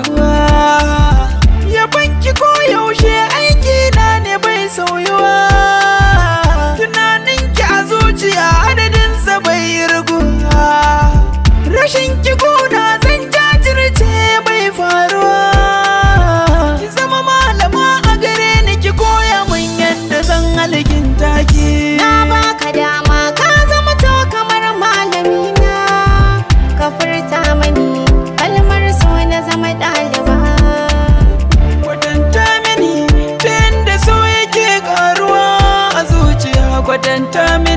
raguwa ya banki ko yaushe aiki na ne bai sauyuwa but then tell me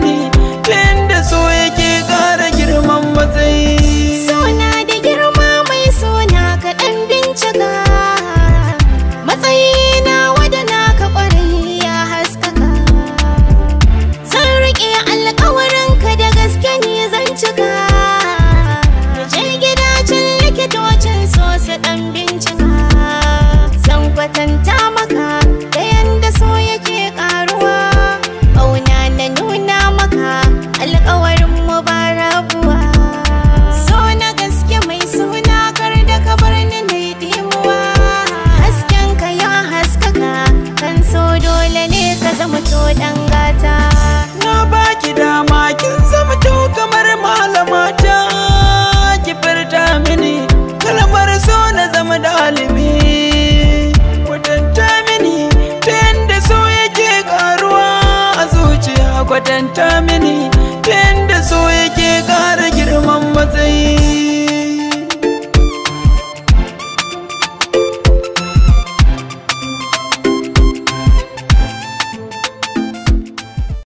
zama ɗalibi kwatanta mini ta yadda so yake ƙaruwa a zuciya kwatanta mini